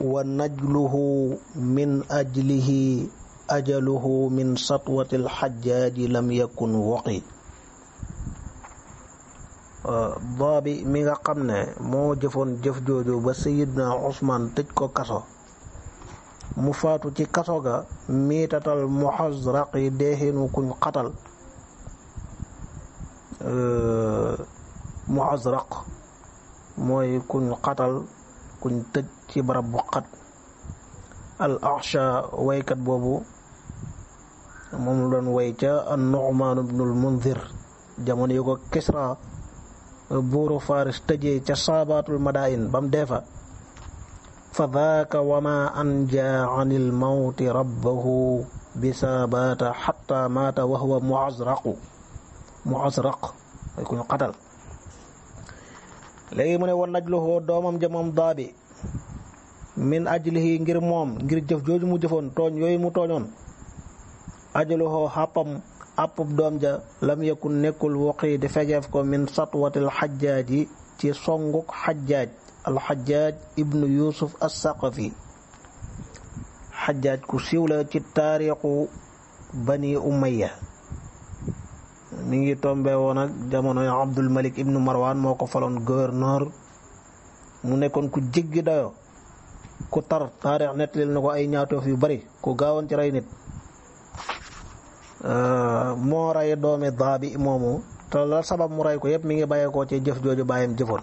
ونجله من أجله أجله من سطوة الحجاج لم يكن وقي بابي ميغا قمنا مو جفون جف جوجو بسيدنا عثمان تجكو كسو مفاتو تي كسوغا ميتة المحزرق ديهن كن قتل محزرق موي كن قتل kuñ tëj ci barab bu xat al axsha waykat boobu moom la doon way ca an nu'man ibnul munzir jamono yu ko kisra buuru faris tëjee ca saabaatul madain bam deefa fa daaka wama anja an il mawti rabbahu bi saabaata xatta maata wa huwa muazraqu muazraq ay kuñu xatal لي من هو نجله دومم جمم دابي من أجله غير موم غير جف جوج مجفون تون يوي متونون أجله حبم أب دوم جا لم يكن نكل وقيد فجف من سطوة الحجاج تي صنغك حجاج الحجاج ابن يوسف الثقفي حجاج كسيولة تاريخ بني أمية mi ngi tombe woon jamono jamonoy Abdul Malik ibnu Marwan moo ko faloon gouverneur mu nekkoon ku jéggi dayoo ku tar taarix nettalil na ko ay ñaatoof yu bari ku gaawoon ci rey nit euh, moo rey doomi daabi moomu te la sabab mu rey ko yépp mi ngi bàyyeekoo ci jëf jooju bàyyam jëfoon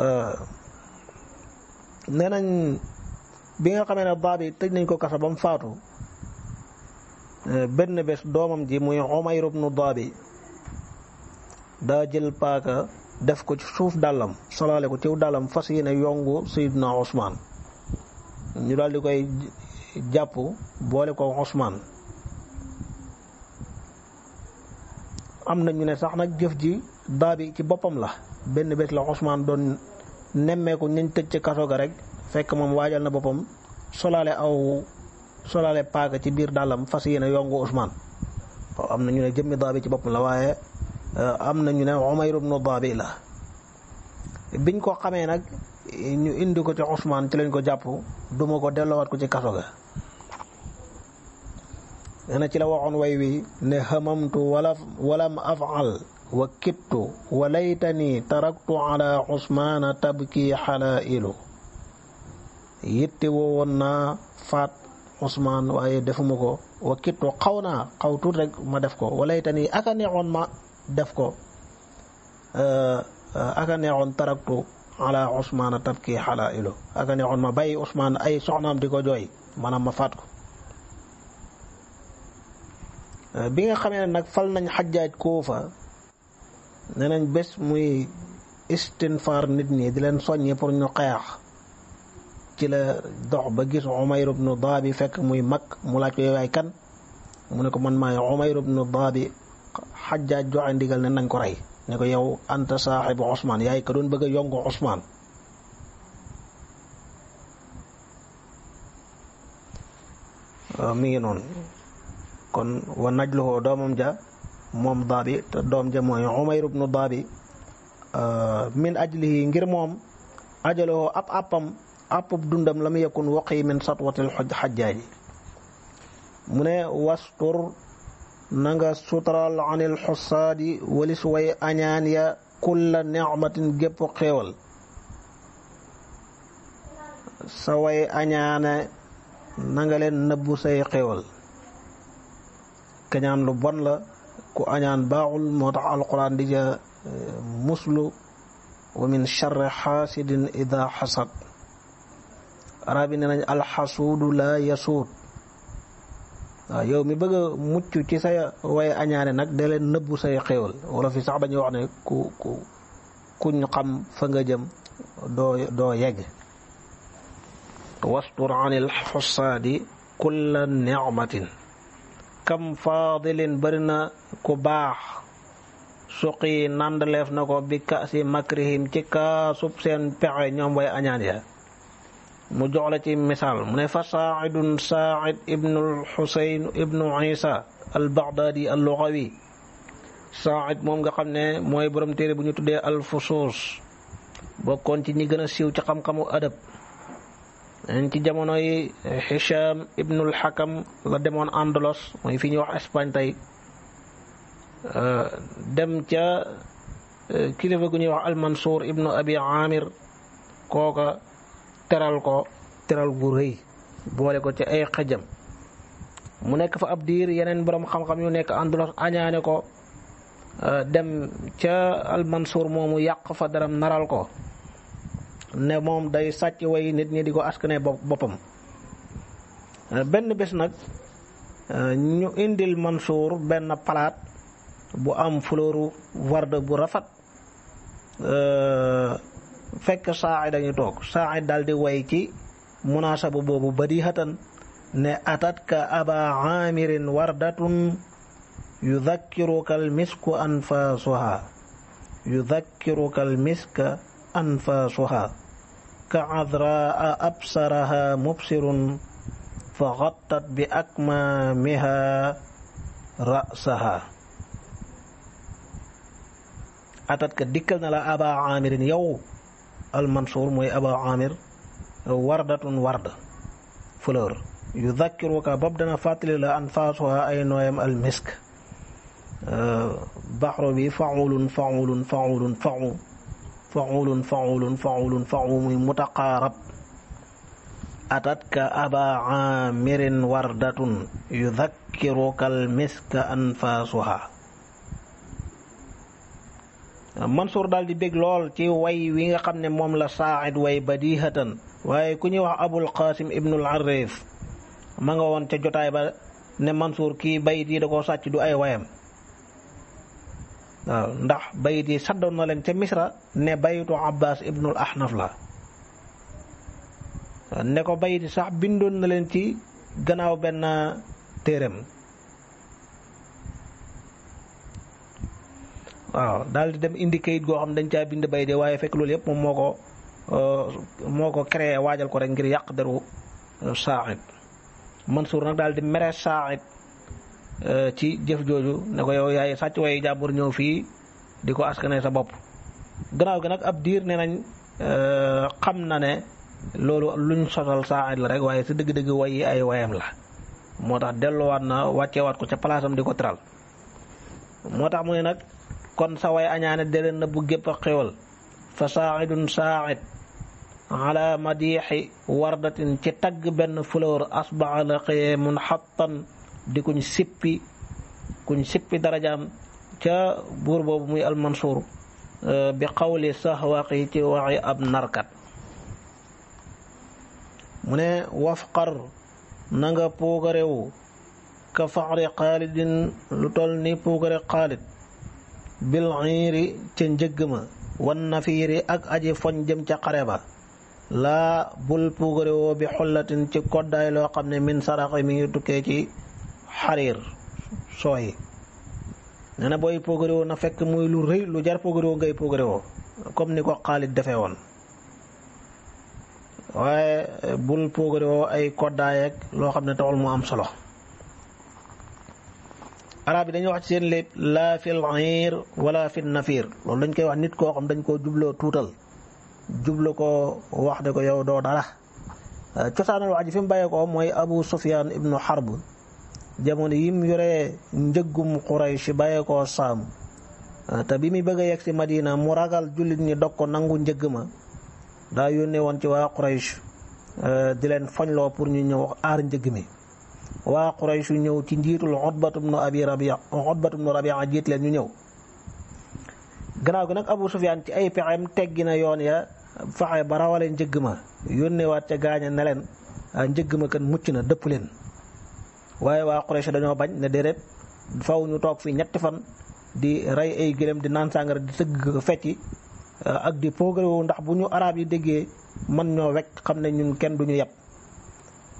euh, nee nañ bi nga xamee ne daabi tëj nañ ko kaso ba mu faatu benn bés doomam ji muy Umayr ibnu Daabi daa jël paaka def ko ci suuf dàllam solaale ko ciw dàllam fas yi yéene yongu Seydina osmaan ñu daal di koy jàpp boole ko Ousmane am na ñu ne sax nag jëf ji Daabi ci boppam la benn bés la Ousmane doon nemmeeku ñañ tëj ci kaso ga rek fekk moom waajal na boppam solaale aw solale paaka ci biir dàllam fas yéene yongu Ousmane waaw am na ñu ne jëmmi daabi ci boppam la waaye eh, am na ñu ne Umayr ibnu daabi la biñ ko xamee nag ñu indi ko ci Ousmane ci lañ ko jàpp duma ko delloowaat ko ci kaso ga na ci la waxoon way wi ne xamamtu wala walam afal wa kittu wa laytani taraktu ala Ousmana tabki xalailu yitte woowoon naa faat Ousmane waaye defuma ko wa kittu xaw naa xaw tuut rek ma def ko walay tani ak a neexoon ma def ko euh, euh, ak a neexoon taraktu ala Ousmane tabki xalaa ilo ak a neexoon ma bàyyi Ousmane ay soxnaam di ko jooy maanaam ma faat ko euh, bi nga xamee nag fal nañ xajaaj Kuufa nee bés muy istinfaar nit ñi di leen soññi pour ñu xeex ci la dox ba gis umayr ibn dabi fekk muy mak mu laaj ko yoy kan mu ne ko man maay umayr ibn dabi xajjaaj jo ndigal ne nañ ko rey ne ko yow anta saaxibu usman yaay ka doon bëgg a usman mi ngi noonu kon wa najluhu doomam ja moom daabi te doom ja mooy umayr ibnu Dabi min ajlihi ngir moom ajaloo ab appam أب دندم لم يكن وقي من سطوة الحجاج من وستر نغا سترال عن الحصاد ولسوي أنيانيا كل نعمة جب قول سوي أنيانا نغل نبو سي قول كنان لبن لا كو أنيان باغل موتع القرآن دي مسلو ومن شر حاسد إذا حسد arabi nena al hasud la yasud nah, yow mi bëgg muccu ci say way añaane nak da leen nëbbu say xewal wala fi sax wax ne ku ku kuñ xam fa nga jëm do do yegg wastur anil alxusaadi kulla ni'matin kam faadilin bari na ku bax suqi nandaleef na bi kasi makrihim ci sub sen pexe ñom way ya mu jox la ci misaal mu ne fa saacidun saacid ibnu alxusayn ibnu isa albagdaadi allugawi saacid moom nga xam ne mooy borom téere bu ñu tuddee alfusuus bokkoon ci ñi gën a siiw ci xam-xamu adab ci jamono yi Hisham ibnul Hakam la demoon Andalos mooy fi ñuy wax Espagne tey dem ca kilifa gu ñuy wax al Mansour ibnu abi Amir kooka teral ko teral gu reuy boole ko ci ay xajam mu nek fa ab diir yeneen borom xam-xam yu nek andul añaane ko euh, dem ca mansur momu yaq fa daram naral ko ne mom day sacc way nit ñi diko ko askane boppam euh, ben bés euh, ñu indil Mansur ben palat bu am fulooru warda bu rafat fekk saay dañu toog saay daal di way ci munaasaba boobu badihatan ne atat ka aba amirin wardatun yudhakkiruka almisku anfasuha yudhakkiruka almiska anfasuha ka كعذراء أبصرها مبصر فغطت بأكمامها رأسها أتتك ديكل نلا أبا عامر يو المنصور مي ابا عامر ورده ورده فلور يذكرك باب دنا فاتل لا انفاسها اي نويم المسك آه، بحر بي فعول فعول فعول فعول فعول فعول فعول فعول متقارب أتتك أبا عامر وردة يذكرك المسك أنفاسها Ah, Mansour daal di bég lool ci way wi nga xam ne moom la Saa'id way badihatan waaye ku ñuy wax Abul Qasim ibnul Arif ma nga woon ca jotaay ba ne Mansour kii bayit yi da koo sàcc du ay wayam waaw ndax bayit yi saddoon na leen ca Misra ne bayitu Abbas ibnul Ahnaf la ah, ne ko bayit yi sax bindoon na leen ci gannaaw benn téeram waaw daal di dem indi kayit goo xam dañ caa bind bay de waaye fekk loolu yëpp moom moo ko euh, moo ko créé waajal ko rek ngir yàq deru euh, saaxib Mansour nag daal di mere saaxib euh, ci jëf jooju ne ko yow yaay sàcc waaye jàmbur ñëw fii di ko askane sa bopp gannaaw gi nag ab diir nee nañ xam na ne loolu luñ sosal saaxib la rek waaye si dëgg-dëgg wayi ay wayam la moo tax delluwaat na wàcceewaat ko ca palaasam di ko tëral moo tax mu ne nag kon sa way añaane delen na bu gépp xewal fa saacidun saacid ala madiixi wardatin ci tagg benn fleur asbaxa la xëyee mun xattan di kuñ sippi kuñ sippi darajaam ca buur boobu muy almansuur bi xawli saxwaqi ci waxi ab narkat mu ne wafqar na nga puugarewu ka faxri xaalidin lu toll ni puugare xaalid bil xiiri ca njëgg ma wan nafiiri ak aji foñ jëm ca xare ba laa bul puugarewoo bi xullatin ci koddaay loo xam ne min saraxi mi ngi tukkee ci xariir sooy nee na booy na fekk muy lu rëy lu jar puugarewoo ngay puugarewoo comme ni ko Xaalid defee woon waaye bul puugarewoo ay koddaay loo xam ne taxul mu am solo arab yi dañuy wax ci seen léeb laa fil ayir wala fil nafir loolu dañ koy wax nit koo xam dañ koo jubloo tuutal jublu ko wax de ko yow doo dara euh, cosaanal wax ji fi mu bàyyee ko mooy abu sufyan ibnu harb jamono yim yoree njëggum quraysh bàyyee koo saam euh, te bi muy bëgg a yegg si madina mu ragal jullit ñi dog ko nangu njëgg ma daa yónnee woon ci waa quraysh euh, di leen foñloo pour ñu ñëw aar njëgg mi waa Quraysh ñëw ci njiitul Utbatu bnu Abi Rabia Utbatu bnu Rabia jiit leen ñu ñëw gannaaw gi nag Abu Sufyaan ci ay pexeem teggi na yoon ya faxe ba rawale njëgg ma yónneewaat ca gaaña ne leen ah, njëgg ma kan mucc na dëpp leen waaye waa Quraysh dañoo bañ ne déedéet faw ñu toog fi ñetti fan di rey ay gëléem di naan sàngara di tëgg fecci ah, ak di poogarewu ndax bu ñu araab yi déggee man ñoo wekk xam ne ñun kenn duñu yàpp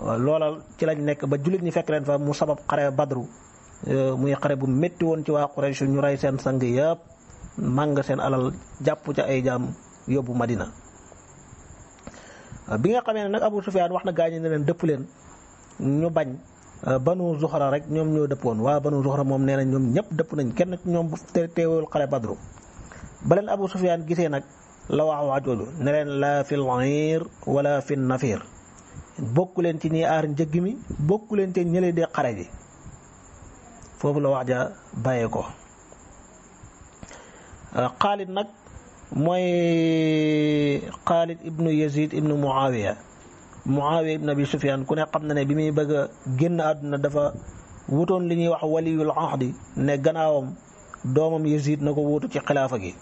Euh, loolal ci lañu nekk ba jullit ñi fekk leen fa mu sabab xare badru euh, muy xare bu metti woon ci waa Quraysh ñu rey seen sang yëpp màng seen alal jàpp ca ay jaam yóbbu Madina euh, bi nga xamee ne nag Abu Sufyaan wax na gaañu ne leen dëpp leen ñu bañ banu Zuhra rek ñoom ñoo dëppoon waa banu Zuhra moom nee na ñoom ñëpp dëpp nañ kenn ñoom te teewul xare badru ba leen Abu Sufyaan gisee nag la wax waa jooju ne leen laa fil ayr wala fin nafir bokkuleen ci ñi aar njëgg mi bokkuleen leen ci ñële dee xare foofu la wax ja bàyyee ko euh, xaalid nag mooy xaalid ibnu yazid ibnu muawiya muawiya ibnu abi sufyaan ku ne xam na ne bi muy bëgg génn àdduna dafa wutoon li ñuy wax waliyul ahdi ne gannaawam doomam yazid na ko wuutu ci xilaafa gi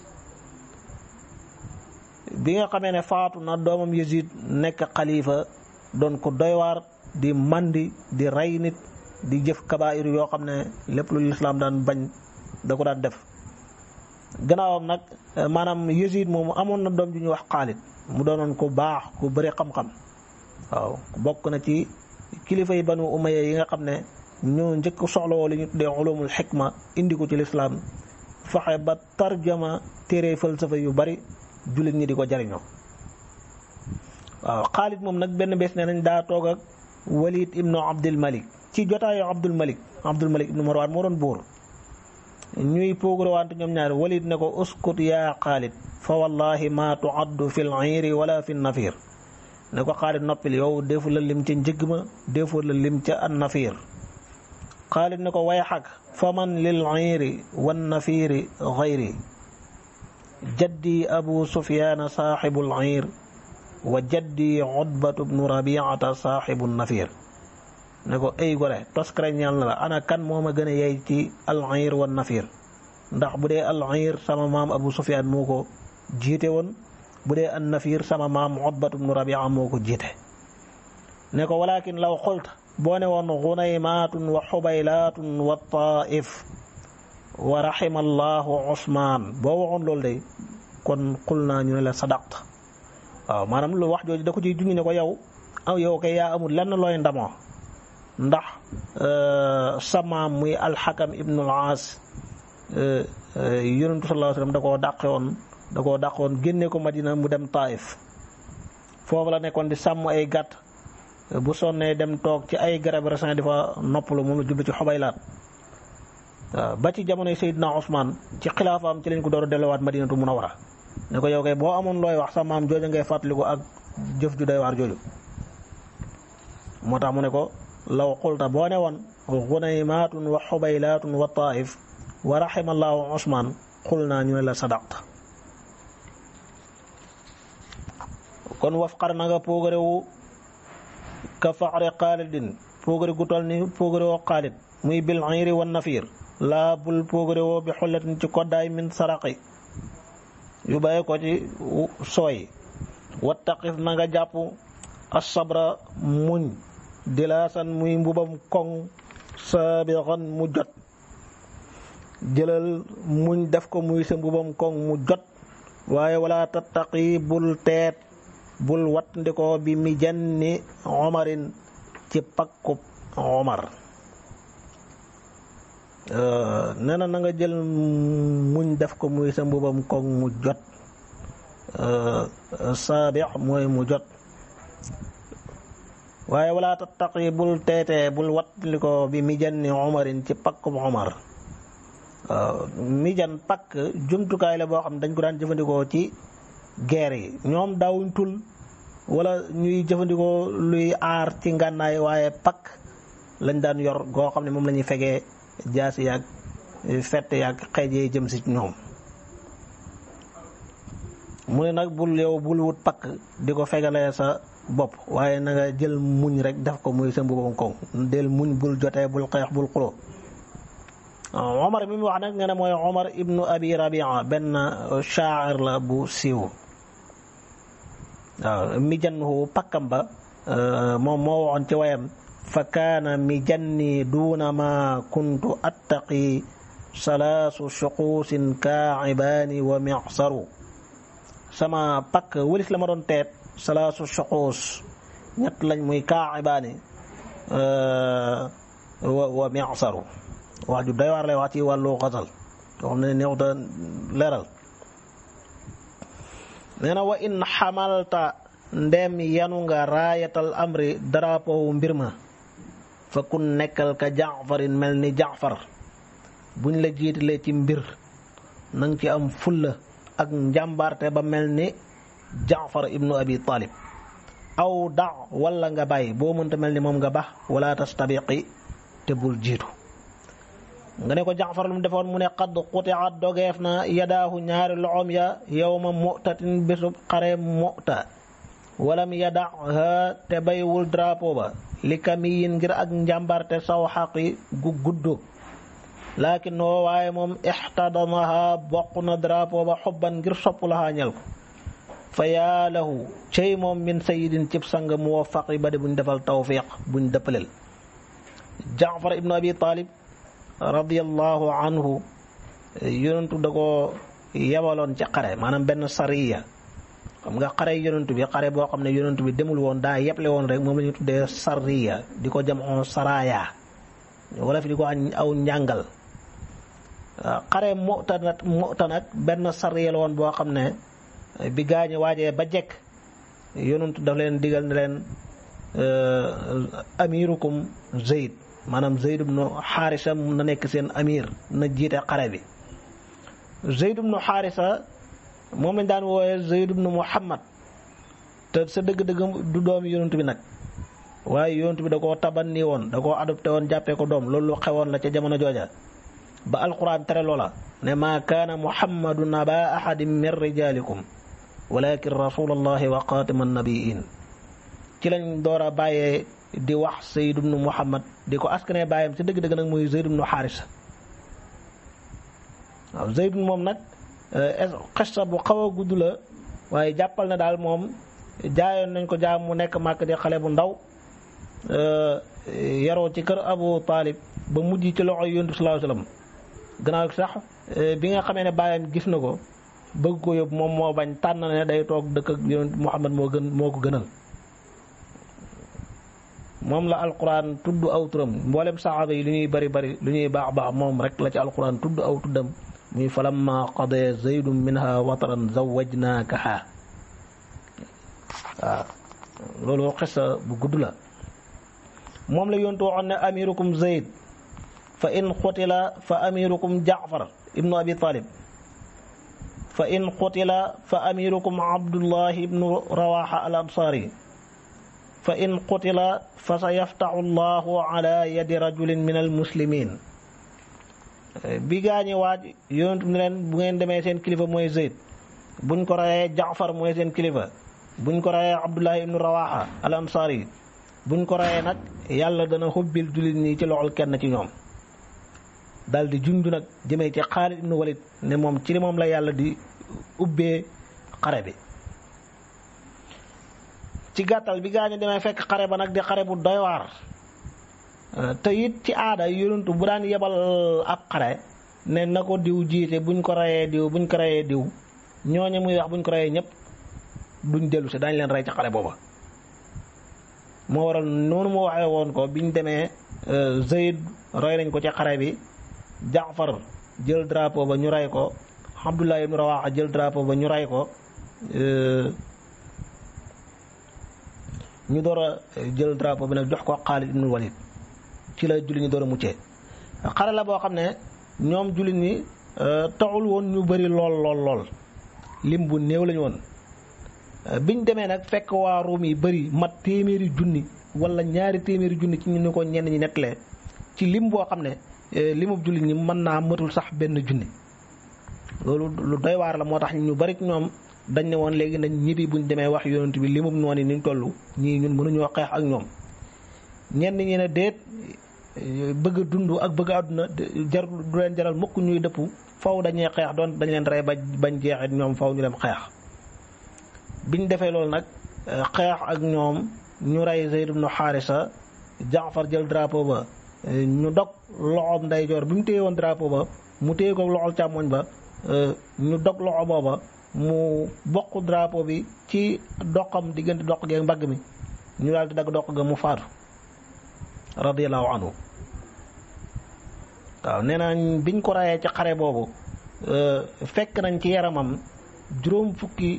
bi nga xamee ne faatu na doomam yazid nekk xalifa doon ko doywaar di mandi di rey nit di jëf kabaayir yoo xam ne lépp lu lislaam daan bañ da ko daan def gannaawam nag eh, maanaam Yezid moomu amoon na doom ju ñuy wax Xaalid mu doonoon ko baax ku bari xam-xam waaw bokk na ci kilifa yi banu Umayya yi nga xam ne ñoo njëkk soxlawoo li ñu tuddee ulumul xikma indi ko ci lislaam fexe ba tarjama téere falsafa yu bari jullit ñi di ko jariñoo waaw Xaalid moom nag benn bés nee nañ daa toog ak Walid ibnu Abdul Malik ci jotaayu Abdul Malik Abdul Malik ibnu Marwan moo doon buur ñuy poogurawante ñoom ñaar Walid ne ko uskut yaa Xaalid fa wallahi ma tuaddu fi l-iiri wala fi nafir ne ko Xaalid noppil yow defu la lim ca njëgg ma defu la lim ca an nafir Xaalid ne ko way xag fa man lil iiri wan nafiri xayri jaddi abu sufyaana saaxibul iir وجدي عتبة بن ربيعة صاحب النفير نكو اي غوري تسكر نيال انا كان موما غنا ييتي العير والنفير ndax budé العير سما مام ابو سفيان موكو جيتي وون budé النفير سما مام عتبة بن ربيعة موكو جيتي نكو ولكن لو قلت بوني وون غنيمات وحبيلات والطائف ورحم الله عثمان بوون لول دي كون قلنا ني لا صدقت waaw maanaam lu wax jooju da ko ciy junj ne ko yow aw yow kay yaa amul lenn looy ndamoo ndax euh, samaam muy alxakam ibnul aas euh, euh, yonentu sallallahu alayhi da koo dàqewoon da koo dàqewoon génne ko madina mu dem taif foofu la nekkoon di sàmm ay gàtt bu sonnee dem toog ci ay garab resin di fa noppalu moom la jublu ci xobaylaat ba ci jamonoy Seydina Ousmane ci xilaafaam ci lañ ko door a mun a munawara ne ko yow kay boo amoon looy wax sa maam jooju ngay fàttaliku ak jëf ju doy waar jooju moo tax mu ne ko law qulta boo ne woon xunaymaatun wa xubaylaatun wa taif wa raximallahu usmaan xul naa ñu ne la sadaqta kon xare na nga poogarewu ka faxre xaalidin poogare gu toll ni poogare woo xaalid muy bil xiiri wan nafiir laa bul poogare woo bi xollatin ci koddaay min saraqi yu bàyyi ko ci sooy wattaqif na nga jàpp asabra muñ dilaasan muy mbubam koŋ saabixan mu jot jëlal muñ def ko muy sa mbubam koŋ mu jot waaye wala yi bul teet bul wattandikoo bi mi jenni omarin ci pakkub omar Euh, nee na na nga jël muñ def ko muy sa mbubam koŋ mu jot euh, saabi mooy mu jot waaye wala tattaqi bul teetee bul watli ko bi mijanni umarin ci pakkum umar euh, mijan pakk jumtukaay la boo xam ne dañ ko daan jëfandikoo ci guerre yi ñoom daawuñ tul wala ñuy jëfandikoo luy aar ci ngànnaay waaye pakk lañ daan yor goo xam ne moom lañuy ñuy fegee jaasi yàgg fett yàgg xeej yee jëm si ñoom mu ne nag bul yow bul wut pakk di ko fegalee sa bopp waaye na jël muñ rek def ko muy sa mbubam koŋ del muñ bul jotee bul xeex bul xuloo ah, Omar bi mu wax nag nga ne mooy Omar ibnu Abi Rabia benn shaa'ir la bu siiw waaw ah, mijanhu pakkam ba ah, moom moo waxoon ci wayam فكان مجني دون ما كنت أتقي سلاس شقوس كاعبان ومعصر سما بك ولس لمرون تيت سلاس شقوس نتلن مي كاعبان آه ومعصر وعجب ديوار لواتي والو غزل ومن نيوتا ليرل نينا وإن حملت ndem yanunga rayatal amri drapo mbirma fa kun nekkal ka jaafarin mel ni jaafar buñ la jiitalee ci mbir nang ci am fulla ak njàmbaarte ba mel ni jaafar ibnu abi talib aw da wala nga bàyyi boo mënta mel ni moom nga bax wala tastabiqi te bul jiitu nga ne ko jaafar lu mu defoon mu ne qad qutia dogeef na yadaahu ñaari loxoom ya yowma mutatin bisub xare muta walam yadaha te baywul drapeau ba li kamiyin ngir ak njàmbarte saw xaqi gu gudd laakin waaye moom ixtadamaha bokk na drapeau ba xobban ngir sopp lahaa ñel ko fa yaa lahu cey moom min sayidin cib sang muwafaqi ba de buñ defal tawfiq buñ dëppalel jaafar ibnu abi talib radiallahu anhu yonentu da ko yebaloon ci xare maanaam benn sariya xam nga xare yonent bi xare boo xam ne yonent bi demul woon daa yeble woon rek moom la ñu tuddee sarriya di ko jam on saraya wala fi di ko aw njàngal xare Mu'ta nag Mu'ta nag benn sarriya la woon boo xam ne bi gaañu waajee ba jekk yonent daf leen digal na leen euh, amirukum Zayd maanaam Zayd ibnu Xaarisa na nekk seen amir na jiite xare bi Zayd ibnu Xaarisa moom lañ daan wooyee Zayd ibnu Muhammad te sa dëgg-dëgg du doomi yonent bi nag waaye yonent bi da koo taban nii woon da koo adopté woon jàppee ko doom loolu lu xewoon la ca jamono jooja ba alquran tere loola ne maa kaana muhammadun aba ahadin min rijalikum walakin rasulallahi wa xaatima nabiin ci lañ door a bàyyee di wax Zayd ibnu Muhammad di ko askanee bàyyam sa dëgg-dëgg nag mooy Zayd ibnu Xaarisa waaw Zayd moom nag Euh, xesta bu xaw a gudd la waaye jàppal na daal moom jaayoon nañ ko jaam mu nekk màkk di xale bu ndaw euh, yaroo ci kër Abu Taalib ba mujj ci loxo yonent bi sallallahu alayhi wasallam sax euh, bi nga xamee ne bàyyam gis na ko bëgg ko yóbbu moom moo bañ tànn ne day toog dëkk ak yonent Muhammad moo gën moo ko gënal moom la alquran tudd aw turam mboolem saxaaba yi lu ñuy bari bari lu ñuy baax baax moom rek la ci alquran tudd aw tuddam muy falamma qade zaydun minha wataran zawajnakaha waaw loolu xisa bu gudd la moom la yontu waxoon ne amirukum zayd fa in qutila fa amirukum jaafar ibnu abi talib fa in qutila fa amirukum abdullah ibnu rawaha al ansari fa in qutila fa sayaftahu allahu ala yadi rajulin min almuslimin bi gaañi waaj yonent leen bu ngeen demee seen kilifa mooy Zayd buñ ko rayee Jaafar mooy seen kilifa buñ ko rayee Abdullahi ibnu Rawaha al buñ ko rayee nag yàlla dana xubbil jullit nii ci loxol kenn ci ñoom daldi jun jund nag jëmee ci Xaalid ibnu Walid ne moom ci li moom la yàlla di ubbee xare bi ci gàttal bi gaañi demee fekk xare ba nag di xare bu doy waar te it ci aada yonentu bu daan yebal ab xare ne na ko diw jiite buñ ko rayee diw buñ ko rayee diw ñooñu muy wax buñ ko rayee ñëpp duñ dellu si dañ leen rey ci xare booba moo waral noonu mu waxee woon ko biñ demee euh, Zayd rey nañ ko ci xare bi Jaafar jël drapo ba ñu rey ko Abdullah ibn Rawaha jël drapo ba ñu rey ko euh, ñu door a jël drapeau bi nag jox ko Xaalid ibn Walid ci la julli ñi mu ci xara la bo xamne ne julli ni euh, taxul won ñu bari lol lol lol lim bu néew lañu euh, biñ démé nak fekk wa rumi bari mat téméri junni wala ñaari téméri junni ci ñu ko ñenn ñi netlé ci lim bo xam ne euh, julli ni man na matul sax ben junni lolu lu doy war la motax ñu bari ñom dañ ne won léegi nañ ñibi buñ démé wax yonent bi limu noni ni tollu ñi ñun mënu mënuñoo xeex ak ñom ñenn ñi déet Eh, bëgg dund ak bëgg àdduna jar du leen jaral mukk ñuy dëpp faw dañuy xeex doon dañ leen rey bañ bañ jeexit ñoom faw ñu dem xeex biñ defee loolu nag eh, xeex ak ñoom ñu rey Zayd ibnu Xaarisa Jaafar jël drapeau ba eh, ñu dog loxoom ndeyjoor bi mu téye woon drapeau ba mu téye ko loxol càmmoñ ba ñu dog loxo booba mu bokk drapeau bi ci doqam diggante doq gi mbagg mi ñu daal di dagg doq ga mu faatu radiallahu anhu waaw nee naa biñ ko rayee ci xare boobu euh, fekk nañ ci yaramam juróom fukki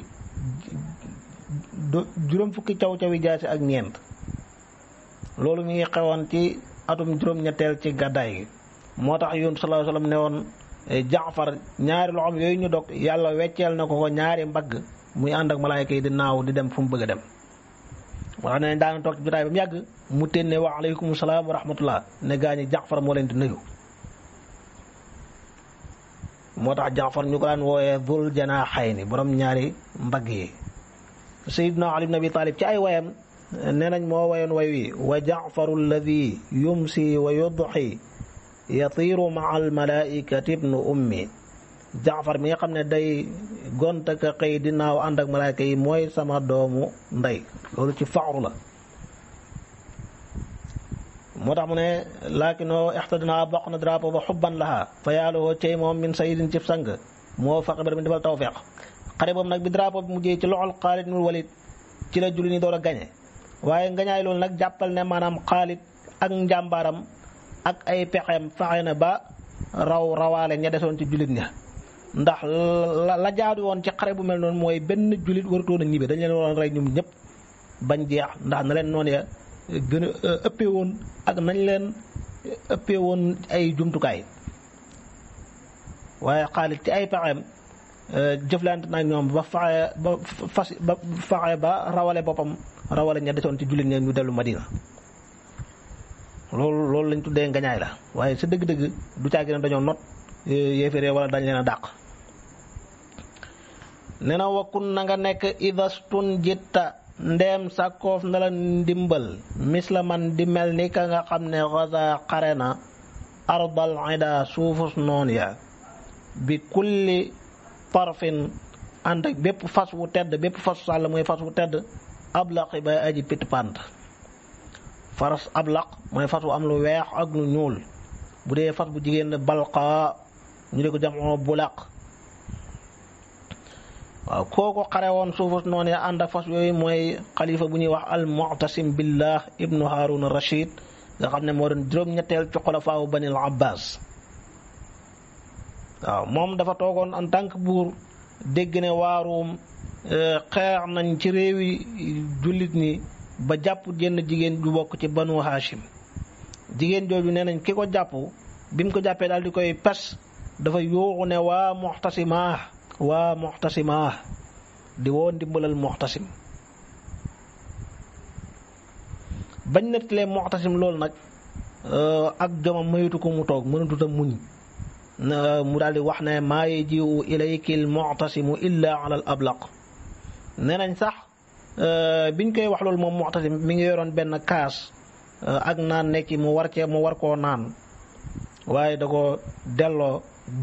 juróom fukki caw cawi jaasi ak ñeent loolu mu ngi xewoon ci atum juróom ñetteel ci gàddaay gi moo tax yoon sallallahu alayhi wasallam ne woon eh, jaafar ñaari loxoom yooyu ñu dog yàlla wecceel na ko ko ñaari mbagg muy ànd ak malaayka yi di naaw di dem fu mu bëgg a dem moo xam ne daana toog ci jotaay ba mu yàgg mu ténne wa salaam wa rahmatullah ne gaa ñi moo leen di nuyu moo tax Jaafar ñu ko daan wooyee dul janaaxayni borom ñaari mbagg yi sayidna ali ibn abi talib ci ay wayam nee nañ moo wayoon way wi wa jaafaru alladi yumsi wa yudxi yatiiru maa almalaikati ibnu ummi jaafar mi nga xam ne day gont ak xëy di naaw ànd ak malaayka yi mooy sama doomu ndey loolu ci faxru la moo tax mu ne laakinoo ixtadinaa bokk na drapeau ba xubban laha fa yaalowoo cey moom sa sayidin cib sang moo faq ba mi defal tawfeex xare boobu nag bi drapeau bi mujjee ci loxol Xaalid ibnul Walid ci la julli ni door a gañe waaye ngañaay loolu nag jàppal ne maanaam xaalit ak njàmbaaram ak ay pexeem fexe na ba raw rawaale ña desoon ci jullit ña ndax la jaadu woon ci xare bu mel noonu mooy benn jullit waratoon a ñibe dañ leen waroon rey ñoom ñëpp bañ jeex ndax na leen noon ya gën a euh, ëppee woon ak nañ leen ëppee woon ay jumtukaay waaye Xaalid ci ay pexeem euh, jëflante nag ñoom ba faxe ba fas ba faxe ba rawale boppam rawale ña desoon ci jullit ña ñu dellu ma Madina loolu loolu lañ tuddee ngañaay la waaye sa dëgg-dëgg du caagi ne dañoo not euh, yéeféree wala dañ leen a dàq nena wakun na nga nek idastun jitta ndem sakof na la ndimbal misla man di melni ka nga xamne ne qarena ardal ida sufus non ya bi kulli tarfin ànd ak fas wu tedd bepp fasu sal moy fas wu tedd ablaq bay aji pit pant faras ablaq moy fas wu am lu wex ak lu ñuul bu fas bu jigen balqa ñu le ko jamo bulaq waaw kooku xare woon suufu noonu ya ànd ak fas yooyu mooy xalifa bu ñuy wax al mu'tasim billah ibnu harun rashid nga xam ne moo doon juróom-ñetteel ci xolafaawu banil abbas waaw moom dafa toogoon en tant buur dégg ne waaruum euh, xeex nañ ci réewi jullit ñi ba jàpp jenn jigéen ju bokk ci banu hashim jigéen jooju ne nañ ki ko jàpp bi mu ko jàppee daal di koy pes dafa yooxu ne waa muxtasimaa waa muxtasimaa ah, di woo ndimbalal muxtasim bañ nettalee muxtasim loolu nag euh, ak jomam mayutu ko mu toog mënatu a muñ mu daal wax na ne maa yajiu ilayki l muxtasimu illa ala al ablaq nee nañ sax euh, biñ koy wax loolu moom muxtasim mi ngi yoroon benn kaas euh, ak naan nekki mu war cee mu war koo naan waaye da ko delloo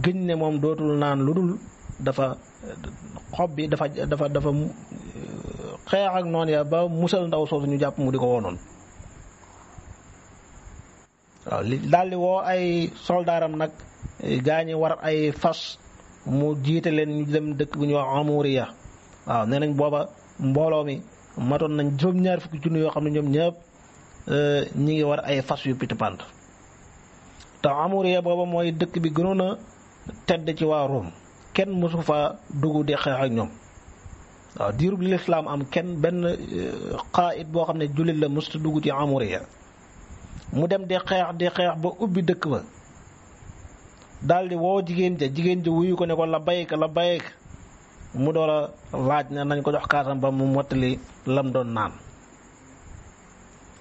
gëñ ne moom dootul naan lu dul dafa xob bi dafa dafa dafa xeex ak noonu ya ba musal ndaw soosu ñu jàpp mu di ko woonoon waaw li woo ay soldaaram nag gaañi war ay fas mu jiite leen ñu dem dëkk bu ñuy wax Amuriya waaw ne nañ booba mbooloo mi matoon nañ juróom-ñaar fukki junni yoo xam ne ñoom ñëpp e, ñi ngi war ay fas yu pitipant te Amuriya booba mooy dëkk bi gënoon a tedd ci waa Rome kenn mosu fa dugg di xeex ak ñoom waaw diirub lislaam am kenn benn euh, it boo xam ne jullit la mosuta dugg ci amuriya mu dem di xeex di xeex ba ubbi dëkk ba daldi woo jigéen ja jigéen ja wuyu ko ne ko la bayka la bayka mu door a laaj ne nañ ko jox kaasam ba mu mottali lam doon naan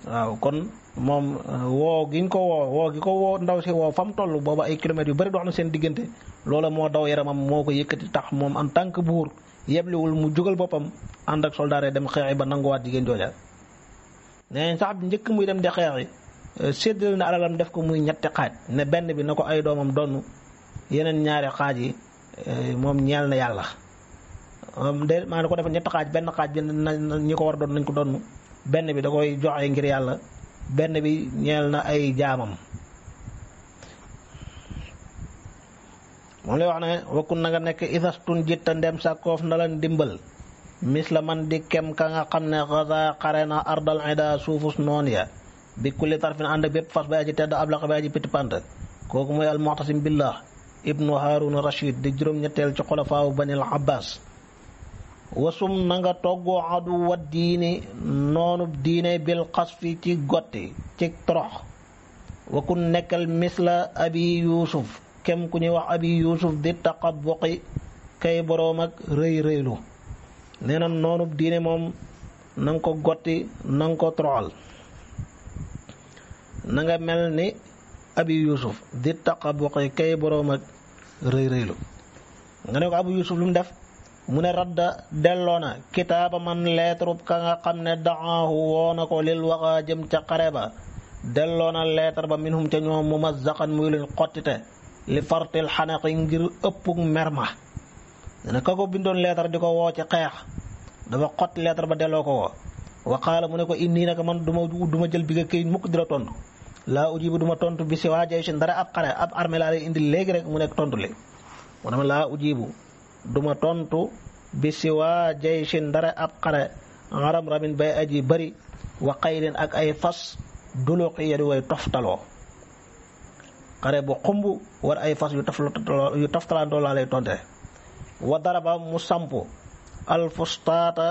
waaw kon moom euh, woo gi ñu ko woo woo gi ko woo ndaw si woo fa mu toll booba ay kilomètres yu bari dox na seen diggante loola moo daw yaramam moo ko yëkkati tax moom en tant que buur yeblewul mu jógal boppam ànd ak soldaare dem xeexi ba nanguwaat jigéen jooja nee sax njëkk muy dem di xeexi euh, séddale na alalam def ko muy ñetti xaaj ne benn bi na ko ay doomam donn yeneen ñaari xaaj yi euh, moom ñeel na yàlla de maa ne ko def ñetti xaaj benn xaaj bi ñi ko war a doon nañ ko donn benn bi da koy joxe ngir yàlla benn bi ñeel na ay jaamam moom lay wax ne wakkun na nga nekk isastun jitta ndem sa koof ndimbal mis la man di kem ka nga xam ne xasa xare na ardal ida suufus noon ya bi kulli tarfin ànd bépp fas bay aji tedd ablaq bay aji piti pant kooku mooy al muxtasim billah ibnu harun rachid di juróom-ñetteel ci xolofaawu banil abbas wasum na nga toggoo adu wa diini noonu diine bil xasfi ci gotti ci torox wakun nekkal misla abi yuusuf kem ku ñuy wax abi yusuf di taqabuqi kay boroom ak rëy rëylu nee na noonub diine moom na nga ko gotti na koo ko troxal na nga mel ni abi yusuf di taqabuqi kay boroom ak rëy rëylu nga ne ko abu yusuf lum def mu ne radda delloo na kitaaba man leetarub ka nga xam ne daxaahu woo na ko lil waxaa jëm ca xare ba delloo na leetar ba minhum ca ñoom mu mazaqan muy leen xottite li fartil xanaqi ngir ëpp mer ma dana ka ko bindoon leetar di ko woo ci xeex dafa xot leetar ba delloo ko woo waqaala mu ne ko innii naka man duma ma du ma jël bi nga këyit mukk di la tontu laa ujibu du tontu bi si waa jaysin dara ab xare ab armée laa lay indi léegi rek mu nekk tontu li mu ne ma laa ujibu du tontu bi si waa jaysin dara ab xare ngaram ramin bay aji bari wa xaylin ak ay fas duluqi yadu way toftaloo xare bu xumb war ay fas yu yu taftalantoo laa lay tonte wa daraba mu samp alfustaata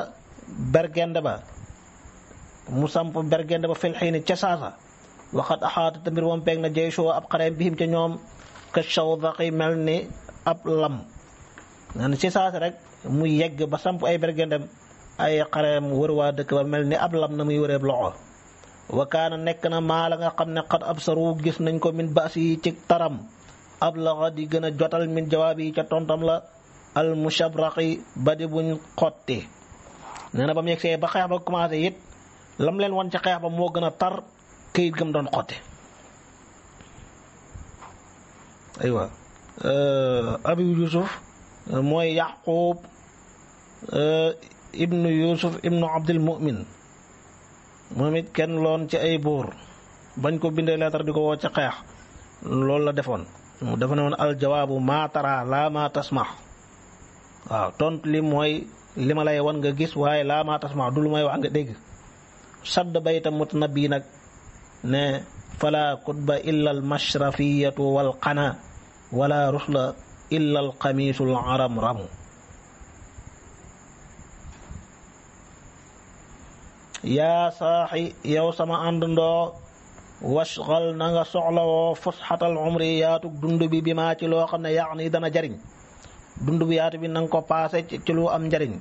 bergende ba mu samp bergende ba fil xiini ca saasa waxat axaata tamit moom peeg na jeysoo ab bi bihim ca ñoom ka sawdaqi mel ni ab lam nan ci saasa rek mu yegg ba samp ay bergendem ay xareem wër waa dëkk ba mel ni ab lam na muy wëreeb loxo وكان نكنا مالا خمنا قد ابصروا جس نكو من باسي تي ترام ابلغ دي غنا جوتال من جوابي تي تونتام لا المشبرق بدي بون خوتي نانا بام يكسي با خيا با كوماسي ييت لام لين وون تي خيا با مو غنا تار كيت گم دون خوتي ايوا ا أه، ابي يوسف موي يعقوب أه، ابن يوسف ابن عبد المؤمن moom it kenn loon ci ay buur bañ ko bindee leetar di ko woo ca xeex loolu la defoon mu dafa ne woon aljawaabu maatara laa ma tasmax waaw tontu li mooy li ma wan nga gis waaye laa ma tasmax du lu may wax nga dégg sadd bayta mutanabi nag ne fala kutba illa al mashrafiyatu wal qana wala rusla illa al aram ramu yaa saaxi yow sama àndandoo washgal na nga soxlawoo fusxatal umri yaatug dund bi bi maa ci loo xam ne yaq ni dana jariñ dund bi yaatu bi na ko paase ci lu am njariñ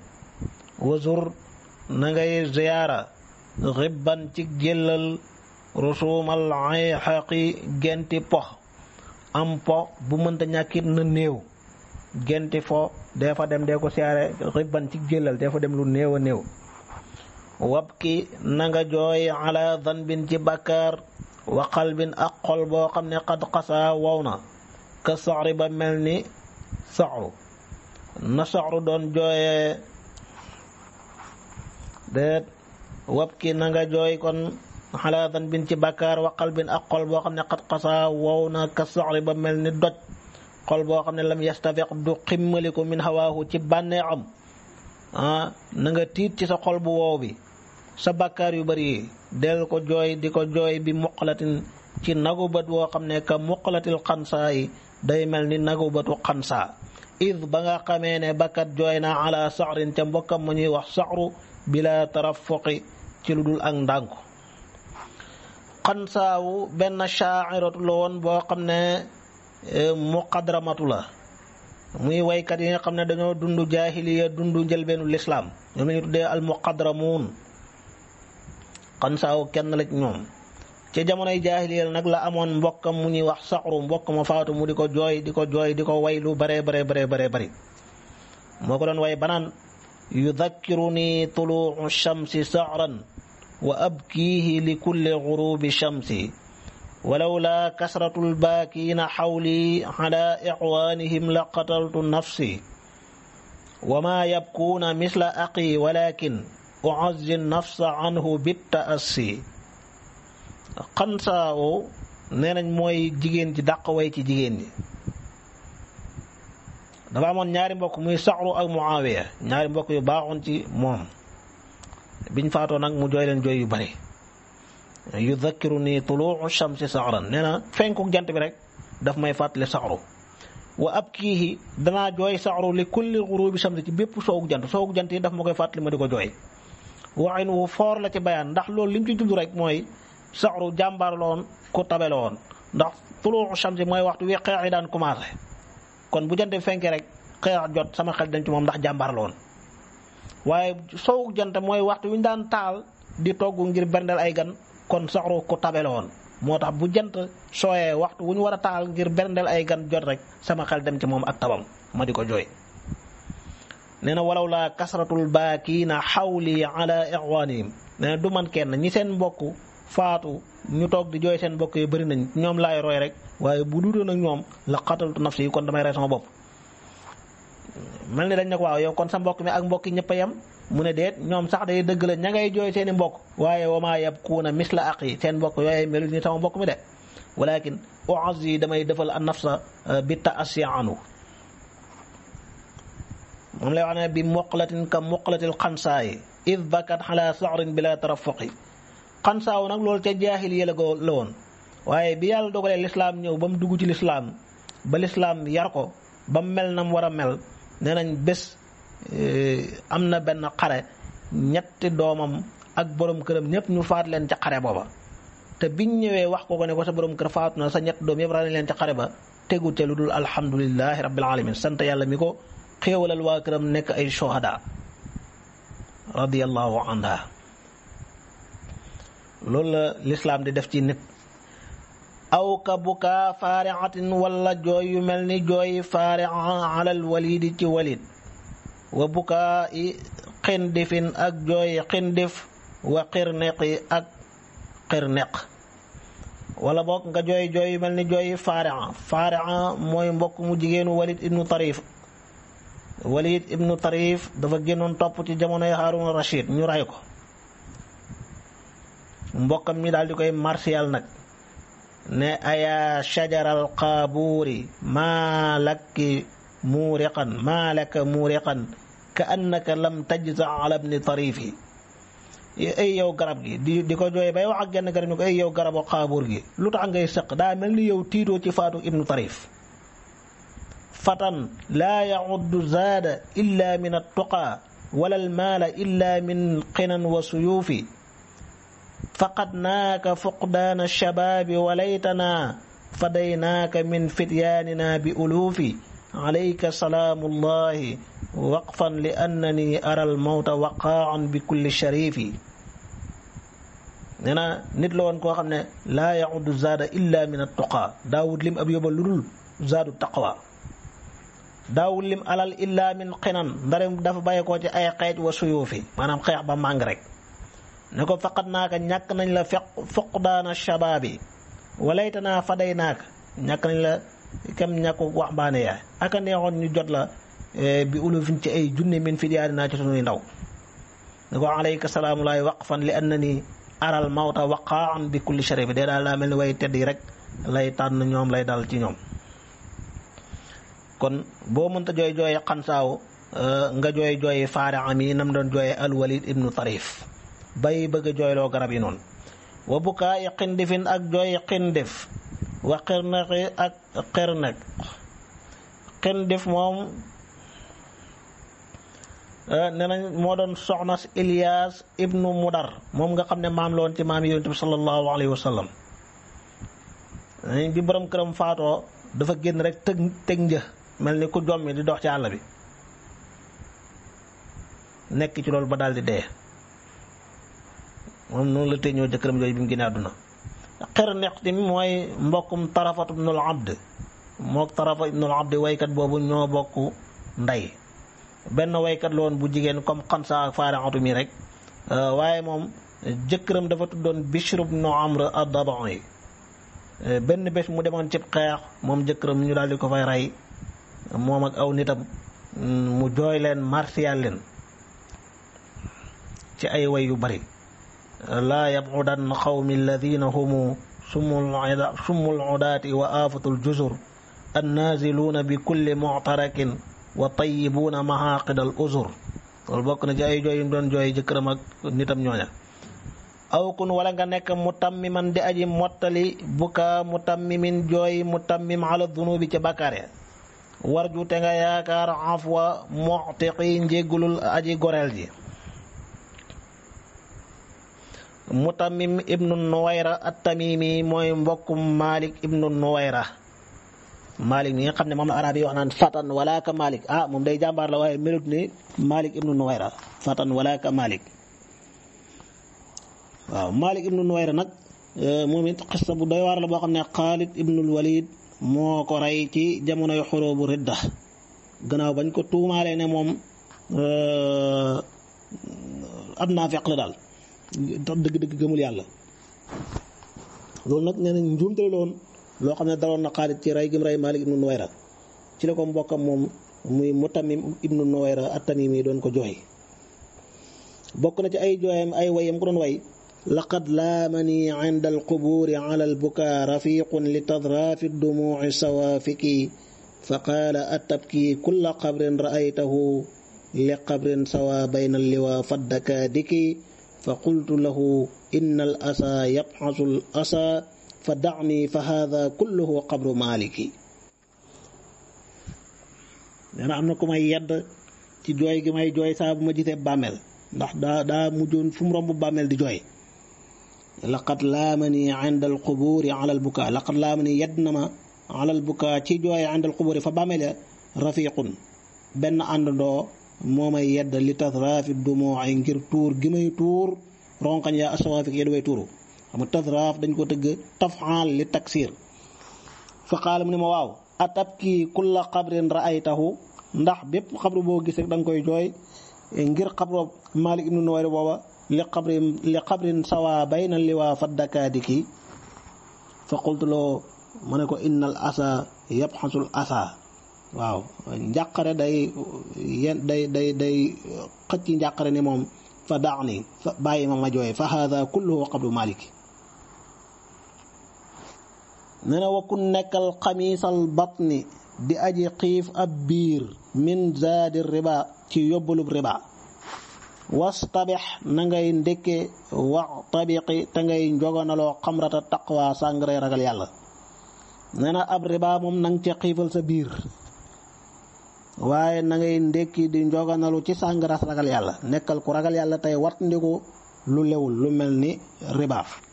wazur na ngay ziyaara xibban ci jëllal rusuumal ay xaqi genti pox am po bu mënta ñàkkit na néew genti fo dee fa dem dee ko siyaare xibban ci jëllal dee fa dem lu néew a néew wabki na nga jooy ala dhanbin ci bakar wa qalbin aqal bo xamne qad qasa wow ka soxri ba melni ni na soxru don wabki na nga kon ala dhanbin ci bakar wa qalbin aqal bo xamne qad qasa wow ka soxri ba melni ni doj xol bo xamne lam yastafiq du min hawahu ci bànneexam ah na nga tit ci sa xol bu wow bi sa bàkkaar yu bari yi del ko jooy di ko jooy bi muqalatin ci nagu bët woo xam ne ka muqalatil yi day mel ni nagu bëtu xansaa ba nga xamee ne bakkat jooy na ala saxrin mbokkam mu ñuy wax saxru bila tarafuqi ci lu ndànku xansaawu benn shaairatu la boo xam ne e, muqadramatu la muy waykat yi nga xam ne dañoo dund jaahiliya dund njëlbeenu lislaam ñoom la ñu tuddee al muqadramuun xansaaw kenn la ci ñoom ca jamonoy jaahiliya nag la amoon mbokkam mu ñuy wax saxru mbokk ma faatu mu di ko jooy di ko jooy di ko way lu bare bare bare bare bëri moo ko doon way banaan yudakkiruni tuluu shamsi saran wa abkiihi li kulli gurubi shamsi ولولا كثرة الباكين حولي على إعوانهم لقتلت نفسي وما يبكون مثل أقي ولكن أعز النفس عنه بالتأسي xansaawo nee nañ mooy jigéen ji dàq way ci jigéen ñi dafa amoon ñaari mbokk muy saxru ak muawiya ñaari mbokk yu baaxoon ci moom biñ faatoo nag mu jooy leen jooy yu bari yudhakiru ni tuluu shamsi saxran nee na fenku jant bi rek daf may fàttali saxru wa ab kiihi danaa jooy saxru li kulli xurubi shamsi ci bépp soowug jant soowug jant yi daf ma koy fàttali ma di ko jooy waxin wu foor la ci bayaan ndax loolu li mu ci jublu rek mooy saxru jàmbaar la woon ku tabe woon ndax tuluuxu shamsi mooy waxtu wi xeex yi daan commencé kon bu jant fenke rek xeex jot sama xel dañ ci moom ndax jàmbaar la woon waaye soowu jant mooy waxtu wi ñu daan taal di togg ngir berndeel ay gan kon saxru ku tabe woon moo tax bu jant sooyee waxtu wu ñu war a taal ngir berndeel ay gan jot rek sama xel dem ci moom ak tabam ma di ko jooy nee na walaw laa kasratul baakiina xawli ala ixwaanihim nee na du man kenn ñi seen mbokk faatu ñu toog di jooy seen mbokk yu bëri nañ ñoom laay roy rek waaye bu duutoon ak ñoom la xataltu nafsi yi kon damay rey sama bopp mel ni dañ ne ko waaw yow kon sa mbokk mi ak mbokk yi ñëpp a yem mu ne deet ñoom sax day dëgg la ña ngay jooy seen i mbokk waaye wamaa yab kuuna la aq yi seen mbokk yooye melu ni sama mbokk mi de walakin oaz yi damay defal an nafsa uh, bi taassi anu moom lay wax ne bi muqlatin ka muqlatil xansaayi if bakat xalaa saxrin bi la tarafuqi xansaaw nag loolu ca jaahil yi la ko la woon waaye bi yàlla dogalee lislaam ñëw ba mu dugg ci lislaam ba lislaam yar ko ba mel na mu war a mel nee nañ bés am na benn xare ñetti doomam ak borom këram ñëpp ñu faat leen ca xare booba te biñ ñëwee wax ko ko ne ko sa borom kër faatu na sa ñetti doom yëpp ràññ leen ca xare ba tegu ca lu dul alhamdulilahi rabbil alamin sant yàlla mi ko قول الواكرم نك اي شهداء رضي الله عنها لول الاسلام دي داف نت او كبكا فارعة ولا جوي ملني جوي فارعة على الوليد تي وليد وبكا قندف اك جوي قندف وقرنق اك قرنق ولا بوك جوي جوي ملني جوي فارعة فارعة موي مبوك مجيين وليد ابن طريف walid ibnu tarif dafa génnoon topp ci jamonoy haaruna rachid ñu ray ko mbokkam mi daal di koy martial nag ne ayaa shajaral qaabuuri maa lakki muuriqan maa laka muuriqan ka annaka lam tajza ala ibni tarifi ay yow garab gi di di ko jooy bay wax ak genn garab ni ko ay yow garabu qaabuur gi lu tax ngay sëq daa mel ni yow tiitoo ci faatu ibnu tarif فتن لا يعد زاد إلا من التقى ولا المال إلا من قنا وسيوف فقدناك فقدان الشباب وليتنا فديناك من فتياننا بألوف عليك سلام الله وقفا لأنني أرى الموت وقاعا بكل شريف nee نتلو nit la woon koo xam ne laa yahudu zaada illa min زاد التقوى daawul lim alal illa min qinan ndarem dafa bàyyeekoo ci ay xet wa suyufi manam xex ba màng rek nako faqat naka ñak nañ la feq foqdaana shabaabi walayta naa faday nañ la kem ñàkku wax mbaane ya aka neexon ñu jot la bi ulufin ci ay junne min fi diyaari ci sunuy ndaw nako alayka salamu lay waqfan li annani na ni aral mawta waqaan bi kulli sharifi de daal daa mel way teddi rek lay tan ñom lay dal ci ñom kon boo mënta jooy jooye xansaaw euh, nga jooy jooyi faare am yi nam doon jooye alwalid ibnu tarif bay bëgg a jooyloo garab yi noonu wa bukaa xindifin ak jooyi xindif wa xirnaqi ak xirnaq xindif moom euh, ne na moo doon soxna Ilias ibnu Mudar moom nga xam ne maam loon woon ci maam yonent bi sallallahu alayhi bi borom këram faatoo dafa génn rek tëg tëg një mel ni ku jommi di dox ci àll bi nekk ci loolu ba daal di dee moom noonu la téye ñëw jëkkëram jooju bi mu génne àdduna xer nekk mi mooy mbokkum tarafatu ibnul abd mook tarafa ibnul abd waykat boobu ñoo bokk ndey benn waykat la bu jigéen comme xamsa ak faarixatu mi rek euh, waaye moom jëkkëram dafa tuddoon bishr ibnu amr ad yi euh, benn bés mu demoon cib xeex moom jëkkëram ñu daal di ko fay rey moom ak aw nitam mu jooy leen martial leen ci ay way yu bari la yabudan qawmi alladina humu sumul udati wa al-juzur an-naziluna bi kulli mu'tarakin wa tayyibuna mahaqid al uzur loolu bok na ci ay jooy yu mu doon ak nitam ñoña aw kun wala nga nek mutammiman di aji mottali buka mutammimin joy mutammim ala dhunubi ci bakare warju te nga yaakaar afwa mu'tiqi njéggulul aji goreel ji mutamim ibnu nuwayra at-tamimi mooy mbokkum malik ibnu nuwayra malik mi nga xam ne moom la arab yi wax naan fatan wala malik ah moom day jàmbaar la waaye melut malik ibnu nuwayra fatan wala malik malik ibnu nuwayra nag eh, moom it bu doy waar la boo xam ne xaalid ibnul walid moo ko rey ci jamonoy xoroobu ridda gannaaw bañ ko tuumaalee ne moom euh, ab naa feq la daal tax dëgg-dëgg gëmul yàlla loolu nag nee nañ njuumte la loo xam ne daloon na Xaalid ci rey gim rey Maalik ibnu Nuwayra ci la ko mbokkam moom muy Mutamim ibnu Nuwayra at-Tamimi doon ko jooy bokk na ci ay jooyam ay wayam ko doon way لقد لامني عند القبور على البكاء رفيق لتضراف الدموع سوافك فقال أتبكي كل قبر رأيته لقبر سوى بين اللوى فالدكادك فقلت له إن الأسى يبحث الأسى فدعني فهذا كله قبر مالك dana am na may yedd ci jooy gi may jooy saa bu ma gisee bàmmeel ndax daa daa mujjoon fu mu romb bàmmeel di jooy لقد لامني عند القبور على البكاء لقد لامني يدنما على البكاء تي عند القبور فبامل رفيق بن اندو موما يد لتثرى في الدموع غير تور غيمي تور رونكن يا اسوافك يدوي تورو اما تثرى دنجو تغ تفعال للتكسير فقال من واو اتبكي كل قبر رايته ndax bepp قبر boo gis rek da nga koy jooy ngir xabru malik لقبر لقبر سوا بين اللواء فدكادك فقلت له منكو ان الاسى يبحث الاسى واو نجاقر داي داي داي داي قتي نجاقر ني فدعني باي ما جوي فهذا كله قبر مالك ننا وكنا كالقميص البطن بأجي قيف ابير من زاد الربا تي يوبلو wastabix na ngay ndékke wax tabiqi te ngay njogonaloo xamrata taqwa sàngray ragal yàlla nee na ab riba moom na nga xiifal sa biir waaye na ngay ndékki di njoganalu ci sàngras ragal yàlla nekkal ku ragal yàlla tey wat ndiku lu lewul lu mel ni ribaaf